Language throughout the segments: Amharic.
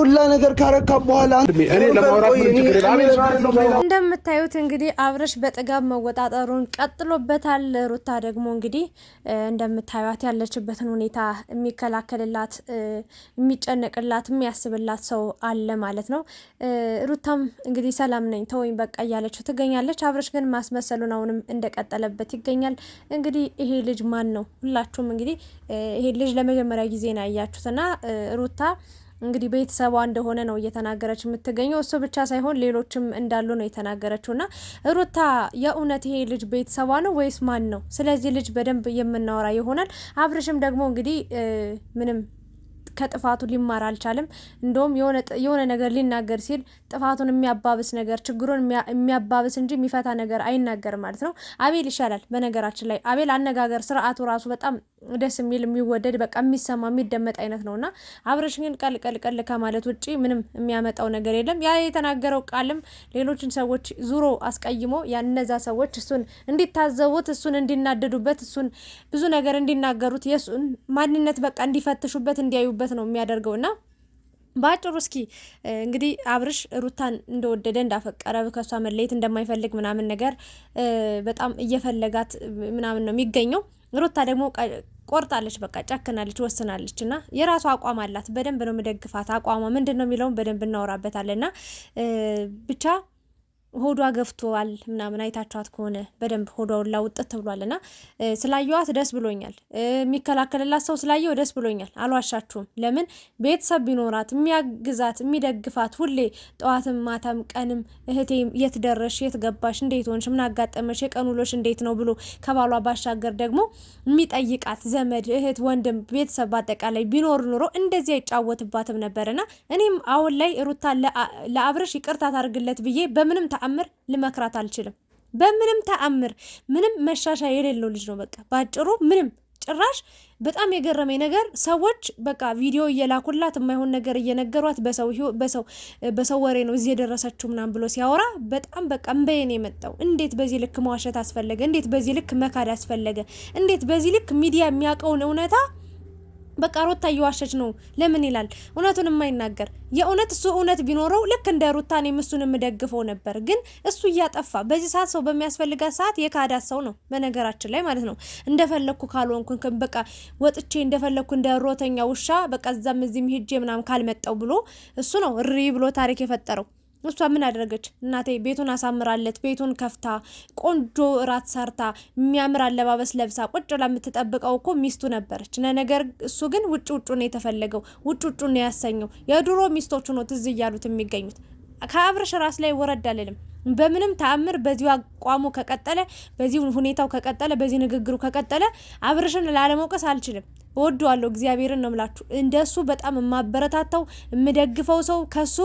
ሁላ ነገር ካረካ በኋላ እንደምታዩት እንግዲህ አብረሽ በጥጋብ መወጣጠሩን ቀጥሎበታል። ሩታ ደግሞ እንግዲህ እንደምታዩት ያለችበትን ሁኔታ የሚከላከልላት፣ የሚጨነቅላት፣ የሚያስብላት ሰው አለ ማለት ነው። ሩታም እንግዲህ ሰላም ነኝ ተወኝ በቃ እያለችው ትገኛለች። አብረሽ ግን ማስመሰሉን አሁንም እንደቀጠለበት ይገኛል። እንግዲህ ይሄ ልጅ ማን ነው? ሁላችሁም እንግዲህ ይሄ ልጅ ለመጀመሪያ ጊዜ ነው ያያችሁትና ሩታ እንግዲህ ቤተሰቧ እንደሆነ ነው እየተናገረች የምትገኘው። እሱ ብቻ ሳይሆን ሌሎችም እንዳሉ ነው የተናገረችው። እና ሩታ የእውነት ይሄ ልጅ ቤተሰቧ ነው ወይስ ማን ነው? ስለዚህ ልጅ በደንብ የምናወራ ይሆናል። አብርሽም ደግሞ እንግዲህ ምንም ከጥፋቱ ሊማር አልቻለም። እንደውም የሆነ ነገር ሊናገር ሲል ጥፋቱን የሚያባብስ ነገር ችግሩን የሚያባብስ እንጂ የሚፈታ ነገር አይናገርም ማለት ነው። አቤል ይሻላል። በነገራችን ላይ አቤል አነጋገር ስርዓቱ ራሱ በጣም ደስ የሚል የሚወደድ በቃ የሚሰማ የሚደመጥ አይነት ነው እና አብረሽ ግን ቀልቀልቀል ከማለት ውጭ ምንም የሚያመጣው ነገር የለም። ያ የተናገረው ቃልም ሌሎችን ሰዎች ዙሮ አስቀይሞ ያነዛ ሰዎች እሱን እንዲታዘቡት፣ እሱን እንዲናደዱበት፣ እሱን ብዙ ነገር እንዲናገሩት፣ የእሱን ማንነት በቃ እንዲፈትሹበት፣ እንዲያዩበት እንዲያምንበት ነው የሚያደርገው እና በአጭሩ እስኪ እንግዲህ አብርሽ ሩታን እንደወደደ እንዳፈቀረ ከእሷ መለየት እንደማይፈልግ ምናምን ነገር በጣም እየፈለጋት ምናምን ነው የሚገኘው። ሩታ ደግሞ ቆርጣለች፣ በቃ ጨክናለች፣ ወስናለች እና የራሷ አቋም አላት። በደንብ ነው የምደግፋት። አቋሟ ምንድን ነው የሚለውን በደንብ እናወራበታለን እና ብቻ ሆዷ ገፍቷል ምናምን አይታችኋት ከሆነ በደንብ ሆዷ ሁላ ውጥት ተብሏል። እና ስላየዋት ደስ ብሎኛል። የሚከላከልላት ሰው ስላየው ደስ ብሎኛል። አልዋሻችሁም። ለምን ቤተሰብ ቢኖራት የሚያግዛት የሚደግፋት፣ ሁሌ ጠዋትም ማታም ቀንም እህቴ የት ደረሽ፣ የት ገባሽ፣ እንዴት ሆንሽ፣ ምን አጋጠመሽ፣ የቀን ውሎሽ እንዴት ነው ብሎ ከባሏ ባሻገር ደግሞ የሚጠይቃት ዘመድ፣ እህት፣ ወንድም፣ ቤተሰብ በአጠቃላይ ቢኖር ኑሮ እንደዚህ አይጫወትባትም ነበርና እኔም አሁን ላይ ሩታ ለአብርሽ ይቅርታ ታርግለት ብዬ በምንም ተ ተአምር ልመክራት አልችልም። በምንም ተአምር ምንም መሻሻ የሌለው ልጅ ነው። በቃ ባጭሩ ምንም ጭራሽ በጣም የገረመኝ ነገር ሰዎች በቃ ቪዲዮ እየላኩላት የማይሆን ነገር እየነገሯት በሰው በሰው በሰው ወሬ ነው እዚህ የደረሰችው ምናምን ብሎ ሲያወራ በጣም በቃ እምበይን የመጣው እንዴት በዚህ ልክ መዋሸት አስፈለገ? እንዴት በዚህ ልክ መካድ አስፈለገ? እንዴት በዚህ ልክ ሚዲያ የሚያውቀውን እውነታ በቃ ሩታ እየዋሸች ነው ለምን ይላል? እውነቱን የማይናገር የእውነት እሱ እውነት ቢኖረው ልክ እንደ ሩታ እኔም እሱን የምደግፈው ነበር። ግን እሱ እያጠፋ በዚህ ሰዓት ሰው በሚያስፈልጋት ሰዓት የካዳት ሰው ነው በነገራችን ላይ ማለት ነው። እንደፈለግኩ ካልሆንኩን በቃ ወጥቼ እንደፈለግኩ እንደ ሮተኛ ውሻ በቃ እዛም እዚህም ሄጄ ምናምን ካልመጣው ብሎ እሱ ነው እሪ ብሎ ታሪክ የፈጠረው። እሷ ምን አደረገች? እናቴ ቤቱን አሳምራለት ቤቱን ከፍታ ቆንጆ እራት ሰርታ የሚያምር አለባበስ ለብሳ ቁጭ ብላ የምትጠብቀው እኮ ሚስቱ ነበረች። ነገር እሱ ግን ውጭ ውጩ ነው የተፈለገው፣ ውጭ ውጩ ነው ያሰኘው። የድሮ ሚስቶቹ ነው ትዝ እያሉት የሚገኙት። ከአብርሽ ራስ ላይ ወረድ አልልም። በምንም ተአምር በዚሁ አቋሙ ከቀጠለ፣ በዚሁ ሁኔታው ከቀጠለ፣ በዚህ ንግግሩ ከቀጠለ አብርሽን ላለመውቀስ አልችልም። እወደዋለሁ። እግዚአብሔርን ነው ምላችሁ። እንደሱ በጣም የማበረታታው የምደግፈው ሰው ከሱ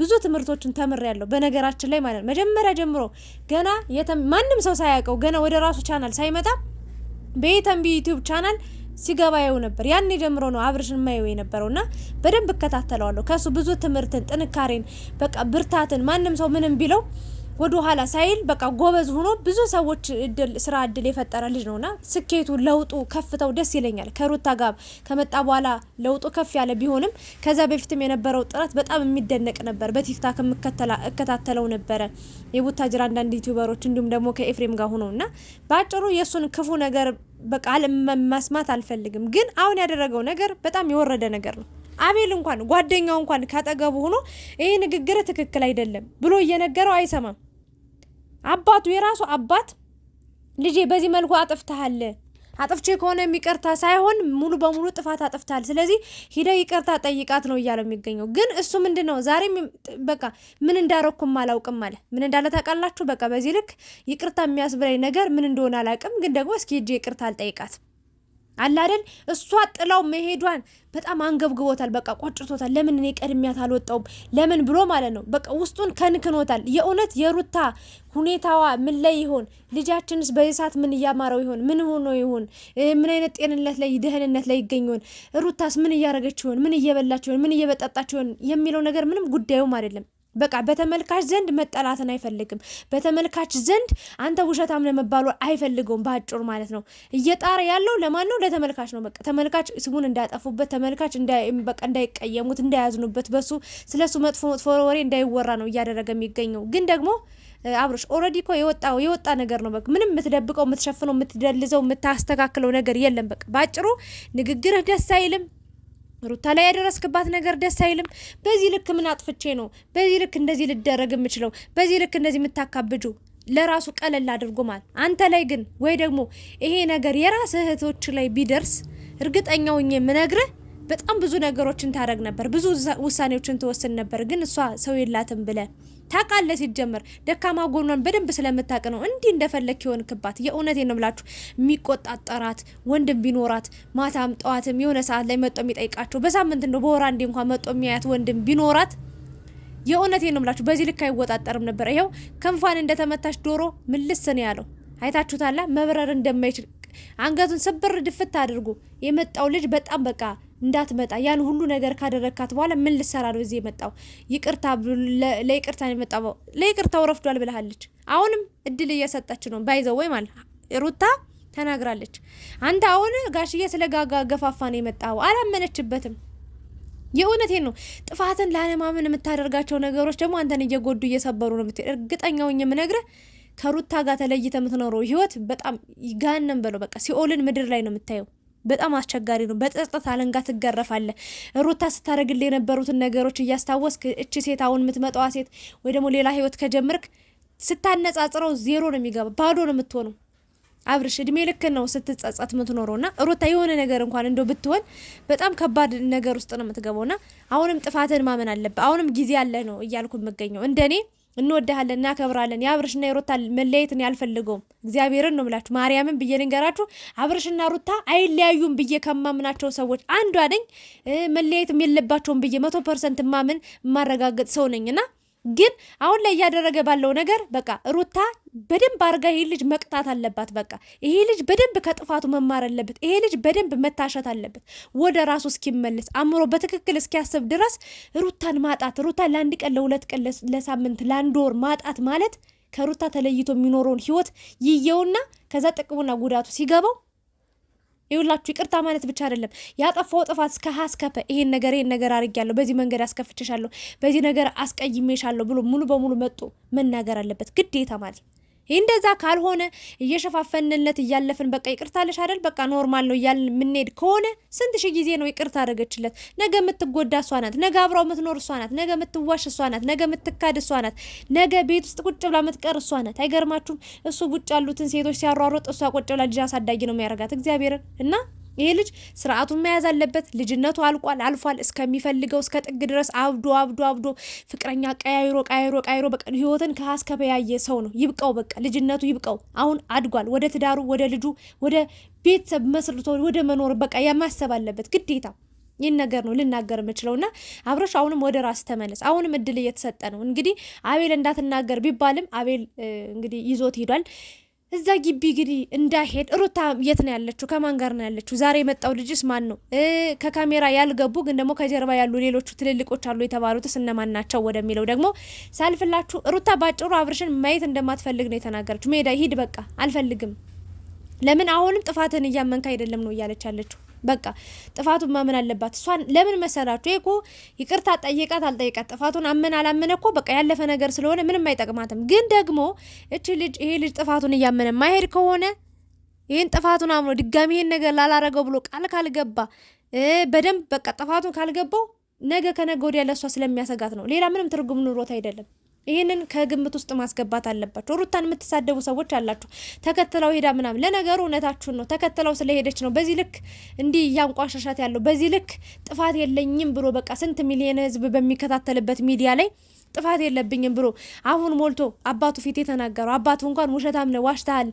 ብዙ ትምህርቶችን ተምሬያለሁ። በነገራችን ላይ ማለት መጀመሪያ ጀምሮ ገና ማንም ሰው ሳያውቀው ገና ወደ ራሱ ቻናል ሳይመጣ በየተንቢ ዩቲዩብ ቻናል ሲገባየው ነበር። ያኔ ጀምሮ ነው አብርሽን ማየው የነበረውና በደንብ እከታተለዋለሁ። ከሱ ብዙ ትምህርትን፣ ጥንካሬን፣ በቃ ብርታትን ማንም ሰው ምንም ቢለው ወደ ኋላ ሳይል በቃ ጎበዝ ሆኖ ብዙ ሰዎች ስራ እድል የፈጠረ ልጅ ነውና ስኬቱ፣ ለውጡ፣ ከፍተው ደስ ይለኛል። ከሩታ ጋር ከመጣ በኋላ ለውጡ ከፍ ያለ ቢሆንም ከዛ በፊትም የነበረው ጥረት በጣም የሚደነቅ ነበር። በቲክታክ እከታተለው ነበረ የቡታጅራ አንዳንድ ዩቲዩበሮች እንዲሁም ደግሞ ከኤፍሬም ጋር እና በአጭሩ የእሱን ክፉ ነገር በቃ መስማት አልፈልግም። ግን አሁን ያደረገው ነገር በጣም የወረደ ነገር ነው። አቤል እንኳን ጓደኛው እንኳን ካጠገቡ ሆኖ ይህ ንግግር ትክክል አይደለም ብሎ እየነገረው አይሰማም። አባቱ የራሱ አባት ልጄ በዚህ መልኩ አጥፍተሃል፣ አጥፍቼ ከሆነ የሚቀርታ ሳይሆን ሙሉ በሙሉ ጥፋት አጥፍታል። ስለዚህ ሂደ ይቅርታ ጠይቃት ነው እያለው የሚገኘው። ግን እሱ ምንድን ነው ዛሬም በቃ ምን እንዳረኩም አላውቅም አለ። ምን እንዳለ ታውቃላችሁ? በቃ በዚህ ልክ ይቅርታ የሚያስብላኝ ነገር ምን እንደሆነ አላውቅም፣ ግን ደግሞ እስኪ ሂጅ ይቅርታ አልጠይቃትም። አላደል እሷ ጥላው መሄዷን በጣም አንገብግቦታል። በቃ ቆጭቶታል። ለምን እኔ ቀድሚያት አልወጣውም ለምን ብሎ ማለት ነው። በቃ ውስጡን ከንክኖታል። የእውነት የሩታ ሁኔታዋ ምን ላይ ይሆን? ልጃችንስ በዚህ ሰዓት ምን እያማረው ይሆን? ምን ሆኖ ይሆን? ምን አይነት ጤንነት ላይ ደህንነት ላይ ይገኝ ይሆን? ሩታስ ምን እያረገች ይሆን? ምን እየበላች ይሆን? ምን እየበጣጣች ይሆን የሚለው ነገር ምንም ጉዳዩም አይደለም። በቃ በተመልካች ዘንድ መጠላትን አይፈልግም። በተመልካች ዘንድ አንተ ውሸታም ለመባሉ አይፈልገውም። በአጭሩ ማለት ነው። እየጣረ ያለው ለማን ነው? ለተመልካች ነው። በቃ ተመልካች ስሙን እንዳያጠፉበት፣ ተመልካች በቃ እንዳይቀየሙት፣ እንዳያዝኑበት፣ በሱ ስለሱ መጥፎ መጥፎ ወሬ እንዳይወራ ነው እያደረገ የሚገኘው። ግን ደግሞ አብሮሽ ኦልሬዲ እኮ የወጣው የወጣ ነገር ነው። በቃ ምንም የምትደብቀው፣ የምትሸፍነው፣ የምትደልዘው፣ የምታስተካክለው ነገር የለም። በቃ በአጭሩ ንግግርህ ደስ አይልም። ሩታ ላይ ያደረስክባት ነገር ደስ አይልም። በዚህ ልክ ምን አጥፍቼ ነው በዚህ ልክ እንደዚህ ልደረግ የምችለው በዚህ ልክ እንደዚህ የምታካብጁ ለራሱ ቀለል አድርጎ ማለት አንተ ላይ ግን ወይ ደግሞ ይሄ ነገር የራስ እህቶች ላይ ቢደርስ እርግጠኛው የምነግርህ በጣም ብዙ ነገሮችን ታደረግ ነበር፣ ብዙ ውሳኔዎችን ትወስን ነበር። ግን እሷ ሰው የላትም ብለን ታቃለ ሲጀመር ደካማ ጎኗን በደንብ ስለምታቅ ነው እንዲህ እንደፈለግ የሆንክባት። የእውነቴን ነው ብላችሁ የሚቆጣጠራት ወንድም ቢኖራት ማታም ጠዋትም የሆነ ሰዓት ላይ መጦ የሚጠይቃቸው በሳምንት እንደው በወር አንዴ እንኳን መጦ የሚያያት ወንድም ቢኖራት የእውነት ነው ብላችሁ በዚህ ልክ አይወጣጠርም ነበር። ይኸው ክንፏን እንደተመታች ዶሮ ምልስ ነው ያለው። አይታችሁታላ መብረር እንደማይችል አንገቱን ስብር ድፍት አድርጉ። የመጣው ልጅ በጣም በቃ እንዳትመጣ ያን ሁሉ ነገር ካደረግካት በኋላ ምን ልሰራ ነው እዚህ የመጣው? ይቅርታ ለይቅርታ ነው የመጣው። ለይቅርታው ረፍዷል ብለሃለች። አሁንም እድል እየሰጠች ነው። ባይዘው ወይ ማለት ሩታ ተናግራለች። አንተ አሁን ጋሽዬ ስለ ጋጋ ገፋፋ ነው የመጣው። አላመነችበትም። የእውነቴን ነው። ጥፋትን ላለማመን የምታደርጋቸው ነገሮች ደግሞ አንተን እየጎዱ እየሰበሩ ነው። እርግጠኛው የምነግረ ከሩታ ጋር ተለይተ የምትኖረው ህይወት በጣም ይጋነም በለው። በቃ ሲኦልን ምድር ላይ ነው የምታየው። በጣም አስቸጋሪ ነው። በጸጥታ አለንጋ ትገረፋለህ። ሩታ ስታደርግልህ የነበሩትን ነገሮች እያስታወስክ እቺ ሴት አሁን የምትመጣዋ ሴት ወይ ደግሞ ሌላ ህይወት ከጀምርክ ስታነጻጽረው ዜሮ ነው የሚገባ፣ ባዶ ነው የምትሆነው። አብርሽ እድሜ ልክ ነው ስትጸጸት የምትኖረው ሩታ የሆነ ነገር እንኳን እንደው ብትሆን በጣም ከባድ ነገር ውስጥ ነው የምትገበውና አሁንም ጥፋትን ማመን አለብህ። አሁንም ጊዜ አለ ነው እያልኩ የምገኘው እንደኔ እንወድሃለን፣ እናከብራለን። የአብርሽና የሩታ መለየትን ያልፈልገውም እግዚአብሔርን ነው ምላችሁ ማርያምን ብዬ ልንገራችሁ። አብርሽና ሩታ አይለያዩም ብዬ ከማምናቸው ሰዎች አንዷ ነኝ። መለየትም የለባቸውም ብዬ መቶ ፐርሰንት ማምን ማረጋገጥ ሰው ነኝና ግን አሁን ላይ እያደረገ ባለው ነገር በቃ ሩታ በደንብ አርጋ ይሄ ልጅ መቅጣት አለባት። በቃ ይሄ ልጅ በደንብ ከጥፋቱ መማር አለበት። ይሄ ልጅ በደንብ መታሸት አለበት። ወደ ራሱ እስኪመለስ አእምሮ በትክክል እስኪያስብ ድረስ ሩታን ማጣት ሩታ ለአንድ ቀን፣ ለሁለት ቀን፣ ለሳምንት፣ ለአንድ ወር ማጣት ማለት ከሩታ ተለይቶ የሚኖረውን ህይወት ይየውና ከዛ ጥቅሙና ጉዳቱ ሲገባው ይሁላችሁ ይቅርታ ማለት ብቻ አይደለም ያጠፋው ጥፋት እስከ ሀስከፈ ይሄን ነገር ይሄን ነገር አድርጌያለሁ፣ በዚህ መንገድ አስከፍቼሻለሁ፣ በዚህ ነገር አስቀይሜሻለሁ ብሎ ሙሉ በሙሉ መጥቶ መናገር አለበት ግዴታ ማለት ነው። እንደዛ ካልሆነ እየሸፋፈንለት እያለፍን በቃ ይቅርታለሽ አይደል በቃ ኖርማል ነው እያልን የምንሄድ ከሆነ ስንት ሺ ጊዜ ነው ይቅርታ አደረገችለት። ነገ የምትጎዳ እሷ ናት። ነገ አብራው የምትኖር እሷ ናት። ነገ የምትዋሽ እሷ ናት። ነገ የምትካድ እሷ ናት። ነገ ቤት ውስጥ ቁጭ ብላ የምትቀር እሷ ናት። አይገርማችሁም? እሱ ውጭ ያሉትን ሴቶች ሲያሯሮጥ እሷ ቁጭ ብላ ልጅ አሳዳጊ ነው የሚያረጋት እግዚአብሔርን እና ይሄ ልጅ ስርዓቱን መያዝ አለበት። ልጅነቱ አልቋል፣ አልፏል። እስከሚፈልገው እስከ ጥግ ድረስ አብዶ አብዶ አብዶ ፍቅረኛ ቀያይሮ ቀያይሮ ቀያይሮ በቃ ህይወትን ከሀስ ከበያየ ሰው ነው። ይብቀው፣ በቃ ልጅነቱ ይብቀው። አሁን አድጓል። ወደ ትዳሩ፣ ወደ ልጁ፣ ወደ ቤተሰብ መስርቶ ወደ መኖር በቃ የማሰብ አለበት ግዴታ። ይህን ነገር ነው ልናገር የምችለው። እና አብረሽ አሁንም ወደ ራስ ተመለስ። አሁንም እድል እየተሰጠ ነው። እንግዲህ አቤል እንዳትናገር ቢባልም አቤል እንግዲህ ይዞት ሄዷል። እዛ ግቢ እንግዲህ እንዳይሄድ ሩታ የት ነው ያለችው? ከማን ጋር ነው ያለችው? ዛሬ የመጣው ልጅስ ማን ነው? ከካሜራ ያልገቡ ግን ደግሞ ከጀርባ ያሉ ሌሎቹ ትልልቆች አሉ የተባሉትስ እነማን ናቸው ወደሚለው ደግሞ ሳልፍላችሁ፣ ሩታ ባጭሩ አብርሽን ማየት እንደማትፈልግ ነው የተናገረችው። ሜዳ ሂድ፣ በቃ አልፈልግም። ለምን አሁንም ጥፋትን እያመንካ አይደለም ነው እያለች ያለችው በቃ ጥፋቱን ማመን አለባት። እሷን ለምን መሰላችሁ እኮ ይቅርታ ጠይቃት አልጠይቃት ጥፋቱን አመን አላመነ እኮ በቃ ያለፈ ነገር ስለሆነ ምንም አይጠቅማትም። ግን ደግሞ እቺ ልጅ ይሄ ልጅ ጥፋቱን እያመነ ማሄድ ከሆነ ይህን ጥፋቱን አምኖ ድጋሚ ይህን ነገር ላላረገው ብሎ ቃል ካልገባ በደንብ በቃ ጥፋቱን ካልገባው ነገ ከነገ ወዲያ ለእሷ ስለሚያሰጋት ነው። ሌላ ምንም ትርጉም ኑሮት አይደለም። ይህንን ከግምት ውስጥ ማስገባት አለባቸው። ሩታን የምትሳደቡ ሰዎች አላችሁ፣ ተከትለው ሄዳ ምናምን። ለነገሩ እውነታችሁን ነው፣ ተከትለው ስለሄደች ነው በዚህ ልክ እንዲህ እያንቋሻሻት ያለው። በዚህ ልክ ጥፋት የለኝም ብሎ በቃ ስንት ሚሊየን ህዝብ በሚከታተልበት ሚዲያ ላይ ጥፋት የለብኝም ብሎ አፉን ሞልቶ አባቱ ፊት የተናገረው አባቱ እንኳን ውሸታም ነው ዋሽተሃል፣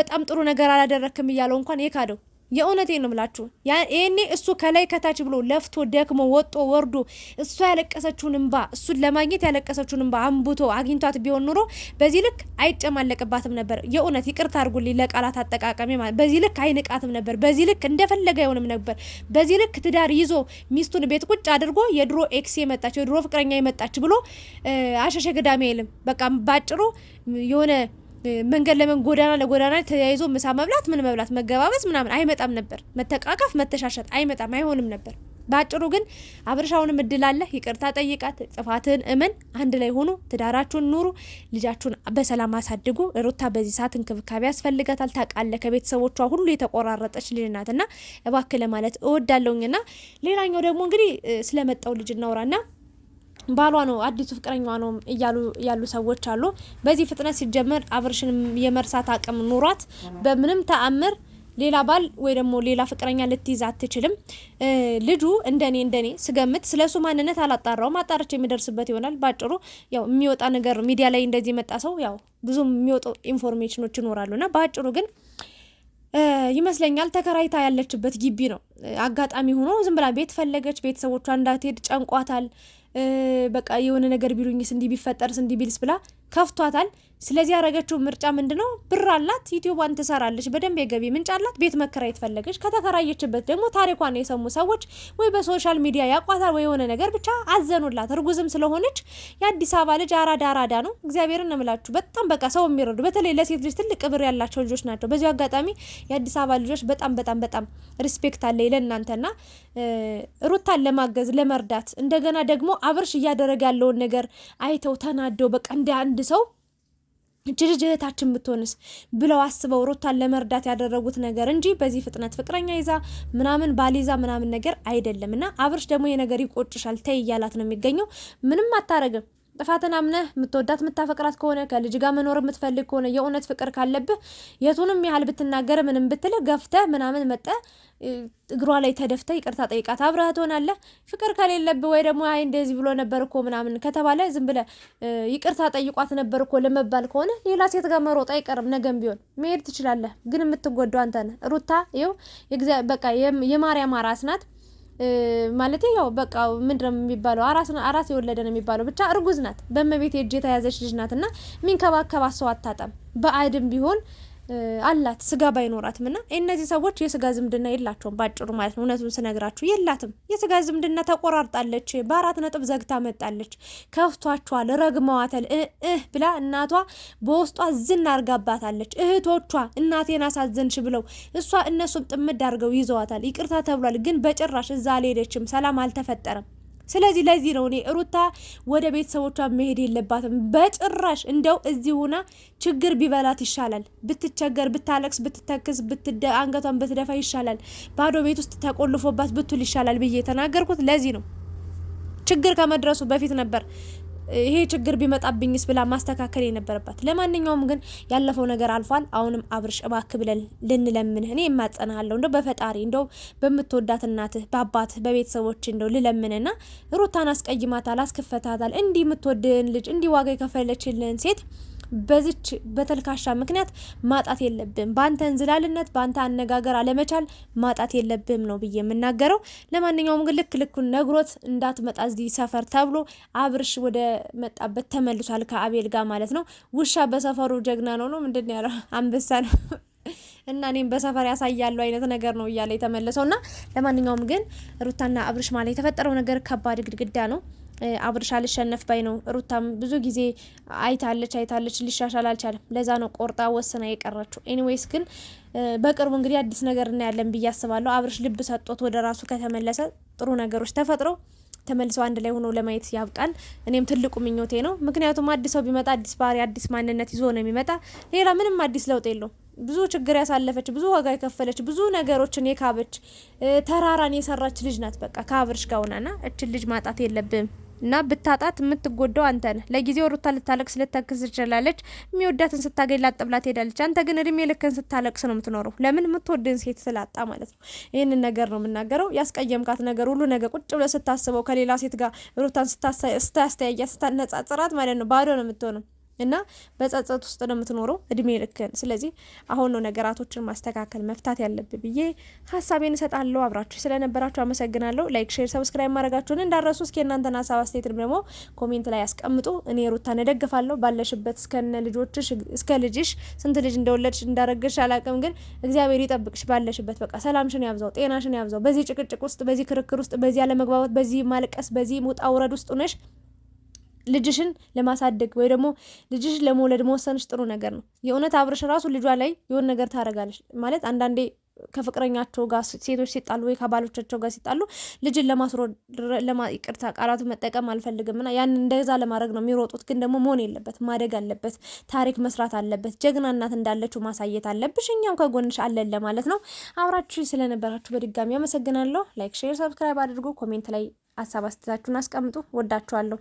በጣም ጥሩ ነገር አላደረክም እያለው እንኳን የካደው የእውነቴን ነው ምላችሁ ይህኔ እሱ ከላይ ከታች ብሎ ለፍቶ ደክሞ ወጦ ወርዶ እሱ ያለቀሰችውን እንባ እሱን ለማግኘት ያለቀሰችውን እንባ አንብቶ አግኝቷት ቢሆን ኑሮ በዚህ ልክ አይጨማለቅባትም ነበር። የእውነት ይቅርታ አድርጉልኝ ለቃላት አጠቃቀሜ ማለት በዚህ ልክ አይንቃትም ነበር። በዚህ ልክ እንደፈለገ አይሆንም ነበር። በዚህ ልክ ትዳር ይዞ ሚስቱን ቤት ቁጭ አድርጎ የድሮ ኤክስ የመጣች የድሮ ፍቅረኛ የመጣች ብሎ አሸሸ ግዳሜ አይልም። በቃ ባጭሩ የሆነ መንገድ ለመን ጎዳና ለጎዳና ተያይዞ ምሳ መብላት ምን መብላት መገባበዝ ምናምን አይመጣም ነበር። መተቃቀፍ መተሻሸት አይመጣም አይሆንም ነበር። በአጭሩ ግን አብርሻውንም እድል አለ። ይቅርታ ጠይቃት፣ ጽፋትን እመን፣ አንድ ላይ ሆኑ፣ ትዳራችሁን ኑሩ፣ ልጃችሁን በሰላም አሳድጉ። ሩታ በዚህ ሰዓት እንክብካቤ ያስፈልጋታል። ታውቃለህ፣ ከቤተሰቦቿ ሁሉ የተቆራረጠች ልጅ ናት እና እባክህ ለማለት ሌላኛው ደግሞ እንግዲህ ስለመጣው ልጅ እናውራና ባሏ ነው አዲሱ ፍቅረኛዋ ነው እያሉ ያሉ ሰዎች አሉ። በዚህ ፍጥነት ሲጀመር አብርሽን የመርሳት አቅም ኑሯት በምንም ተአምር ሌላ ባል ወይ ደግሞ ሌላ ፍቅረኛ ልትይዝ አትችልም። ልጁ እንደኔ እንደኔ ስገምት ስለ እሱ ማንነት አላጣራውም። አጣርቼ የሚደርስበት ይሆናል። ባጭሩ ያው የሚወጣ ነገር ሚዲያ ላይ እንደዚህ የመጣ ሰው ያው ብዙ የሚወጡ ኢንፎርሜሽኖች ይኖራሉና በአጭሩ ግን ይመስለኛል ተከራይታ ያለችበት ግቢ ነው። አጋጣሚ ሆኖ ዝም ብላ ቤት ፈለገች። ቤተሰቦቿ እንዳትሄድ ጨንቋታል። በቃ የሆነ ነገር ቢሉኝስ እንዲህ ቢፈጠርስ እንዲህ ቢልስ ብላ ከፍቷታል። ስለዚህ ያደረገችው ምርጫ ምንድ ነው? ብር አላት፣ ዩቲዩቧን ትሰራለች፣ በደንብ የገቢ ምንጭ አላት፣ ቤት መከራየት ፈለገች። ከተከራየችበት ደግሞ ታሪኳን የሰሙ ሰዎች ወይ በሶሻል ሚዲያ ያቋታል ወይ የሆነ ነገር ብቻ አዘኑላት። እርጉዝም ስለሆነች የአዲስ አበባ ልጅ አራዳ አራዳ ነው። እግዚአብሔርን እምላችሁ በጣም በቃ ሰው የሚረዱ በተለይ ለሴት ልጅ ትልቅ ክብር ያላቸው ልጆች ናቸው። በዚሁ አጋጣሚ የአዲስ አበባ ልጆች በጣም በጣም በጣም ሪስፔክት አለ ለእናንተና ሩታን ለማገዝ ለመርዳት እንደገና ደግሞ አብርሽ እያደረገ ያለውን ነገር አይተው ተናደው በቃ እንደ አንድ ሰው እች እህታችን ብትሆንስ ብለው አስበው ሮታን ለመርዳት ያደረጉት ነገር እንጂ በዚህ ፍጥነት ፍቅረኛ ይዛ ምናምን ባሊዛ ምናምን ነገር አይደለም። እና አብርሽ ደግሞ የነገር ይቆጭሻል ተይ እያላት ነው የሚገኘው። ምንም አታረግም። ጥፋትን አምነህ የምትወዳት የምታፈቅራት ከሆነ ከልጅ ጋር መኖር የምትፈልግ ከሆነ የእውነት ፍቅር ካለብህ የቱንም ያህል ብትናገር ምንም ብትል ገፍተ ምናምን መጠ እግሯ ላይ ተደፍተ ይቅርታ ጠይቃት አብረህ ትሆናለህ። ፍቅር ከሌለብህ ወይ ደግሞ አይ እንደዚህ ብሎ ነበር እኮ ምናምን ከተባለ ዝም ብለህ ይቅርታ ጠይቋት ነበር እኮ ለመባል ከሆነ ሌላ ሴት ጋር መሮጥ አይቀርም። ነገም ቢሆን መሄድ ትችላለህ፣ ግን የምትጎዳው አንተ ነህ። ሩታ ይኸው በቃ የማርያም አራስ ናት። ማለት ያው በቃ ምንድነው የሚባለው አራስ የወለደ ነው የሚባለው። ብቻ እርጉዝ ናት፣ በእመቤቴ እጅ የተያዘች ልጅ ናት ሚንከባከባ ሰው አታጣም በአድም ቢሆን አላት ስጋ ባይኖራትም እና እነዚህ ሰዎች የስጋ ዝምድና የላቸውም ባጭሩ ማለት ነው። እውነቱን ስነግራችሁ የላትም የስጋ ዝምድና ተቆራርጣለች። በአራት ነጥብ ዘግታ መጣለች። ከፍቷቸዋል፣ ረግመዋተል እህ ብላ እናቷ በውስጧ ዝን አርጋባታለች። እህቶቿ እናቴን አሳዘንሽ ብለው እሷ እነሱም ጥምድ አድርገው ይዘዋታል። ይቅርታ ተብሏል፣ ግን በጭራሽ እዛ አልሄደችም። ሰላም አልተፈጠረም። ስለዚህ ለዚህ ነው እኔ ሩታ ወደ ቤተሰቦቿ መሄድ የለባትም በጭራሽ። እንደው እዚህ ሆና ችግር ቢበላት ይሻላል። ብትቸገር፣ ብታለቅስ፣ ብትተክስ፣ አንገቷን ብትደፋ ይሻላል። ባዶ ቤት ውስጥ ተቆልፎባት ብትል ይሻላል ብዬ የተናገርኩት ለዚህ ነው። ችግር ከመድረሱ በፊት ነበር ይሄ ችግር ቢመጣብኝስ ብላ ማስተካከል የነበረባት። ለማንኛውም ግን ያለፈው ነገር አልፏል። አሁንም አብርሽ እባክህ ብለን ልንለምንህ እኔ የማጸናሃለሁ እንደው በፈጣሪ እንደው በምትወዳት እናትህ፣ በአባትህ፣ በቤተሰቦች እንደው ልለምንና ሩታን አስቀይማታል፣ አስከፍታታል። እንዲህ ልጅ እንዲህ ዋጋ የከፈለችልን ሴት በዚች በተልካሻ ምክንያት ማጣት የለብም። በአንተ እንዝላልነት፣ በአንተ አነጋገር አለመቻል ማጣት የለብም ነው ብዬ የምናገረው። ለማንኛውም ግን ልክ ልኩን ነግሮት እንዳትመጣ እዚህ ሰፈር ተብሎ አብርሽ ወደ መጣበት ተመልሷል፣ ከአቤል ጋር ማለት ነው። ውሻ በሰፈሩ ጀግና ነው ነው ምንድን ነው ያለው? አንበሳ ነው እና እኔም በሰፈር ያሳያሉ አይነት ነገር ነው እያለ የተመለሰው እና ለማንኛውም ግን ሩታና አብርሽ ማለት የተፈጠረው ነገር ከባድ ግድግዳ ነው። አብርሽ አልሸነፍ ባይ ነው። ሩታም ብዙ ጊዜ አይታለች አይታለች፣ ሊሻሻል አልቻለም። ለዛ ነው ቆርጣ ወስና የቀረችው። ኤኒዌይስ ግን በቅርቡ እንግዲህ አዲስ ነገር እናያለን ብዬ አስባለሁ። አብርሽ ልብ ሰጦት ወደ ራሱ ከተመለሰ ጥሩ ነገሮች ተፈጥረው ተመልሰው አንድ ላይ ሆኖ ለማየት ያብቃን። እኔም ትልቁ ምኞቴ ነው። ምክንያቱም አዲስ ሰው ቢመጣ አዲስ ባህሪ፣ አዲስ ማንነት ይዞ ነው የሚመጣ። ሌላ ምንም አዲስ ለውጥ የለውም። ብዙ ችግር ያሳለፈች፣ ብዙ ዋጋ የከፈለች፣ ብዙ ነገሮችን የካበች፣ ተራራን የሰራች ልጅ ናት። በቃ ከአብርሽ ጋር ሆናና እችን ልጅ ማጣት የለብም። እና ብታጣት የምትጎዳው አንተ ነህ። ለጊዜው ሩታ ልታለቅስ ልተክስ ትችላለች። የሚወዳትን ስታገኝ ላጥ ትሄዳለች። አንተ ግን እድሜ ልክን ስታለቅስ ነው የምትኖረው። ለምን የምትወድን ሴት ስላጣ ማለት ነው። ይህንን ነገር ነው የምናገረው። ያስቀየምካት ነገር ሁሉ ነገ ቁጭ ብለ ስታስበው ከሌላ ሴት ጋር ሩታን ስታስተያያት ስታነጻጽራት ማለት ነው ባዶ ነው የምትሆነው። እና በጸጸት ውስጥ ነው የምትኖረው እድሜ ልክን። ስለዚህ አሁን ነው ነገራቶችን ማስተካከል መፍታት ያለብህ ብዬ ሀሳቤን እሰጣለሁ። አብራችሁ ስለነበራችሁ አመሰግናለሁ። ላይክ፣ ሼር፣ ሰብስክራይብ ማድረጋችሁን እንዳረሱ። እስኪ እናንተን ሀሳብ አስተያየትም ደግሞ ኮሜንት ላይ አስቀምጡ እኔ ሩታን እደግፋለሁ። ባለሽበት እስከነ ልጆችሽ እስከ ልጅሽ ስንት ልጅ እንደወለድሽ እንዳረግሽ አላቅም፣ ግን እግዚአብሔር ይጠብቅሽ ባለሽበት። በቃ ሰላምሽን ያብዛው፣ ጤናሽን ያብዛው። በዚህ ጭቅጭቅ ውስጥ፣ በዚህ ክርክር ውስጥ፣ በዚህ አለመግባባት፣ በዚህ ማልቀስ፣ በዚህ ውጣ ውረድ ውስጥ ነሽ ልጅሽን ለማሳደግ ወይ ደግሞ ልጅሽን ለመውለድ መወሰንሽ ጥሩ ነገር ነው። የእውነት አብረሽ ራሱ ልጇ ላይ የሆን ነገር ታደርጋለች ማለት አንዳንዴ ከፍቅረኛቸው ጋር ሴቶች ሲጣሉ ወይ ከባሎቻቸው ጋር ሲጣሉ ልጅን ለማስሮ ይቅርታ ቃላቱ መጠቀም አልፈልግም እና ያን እንደዛ ለማድረግ ነው የሚሮጡት። ግን ደግሞ መሆን የለበት ማደግ አለበት። ታሪክ መስራት አለበት። ጀግና እናት እንዳለችው ማሳየት አለብሽ። እኛም ከጎንሽ አለን ለማለት ነው። አብራችሁ ስለነበራችሁ በድጋሚ አመሰግናለሁ። ላይክ፣ ሼር፣ ሰብስክራይብ አድርጉ። ኮሜንት ላይ ሀሳብ አስተታችሁን አስቀምጡ። ወዳችኋለሁ።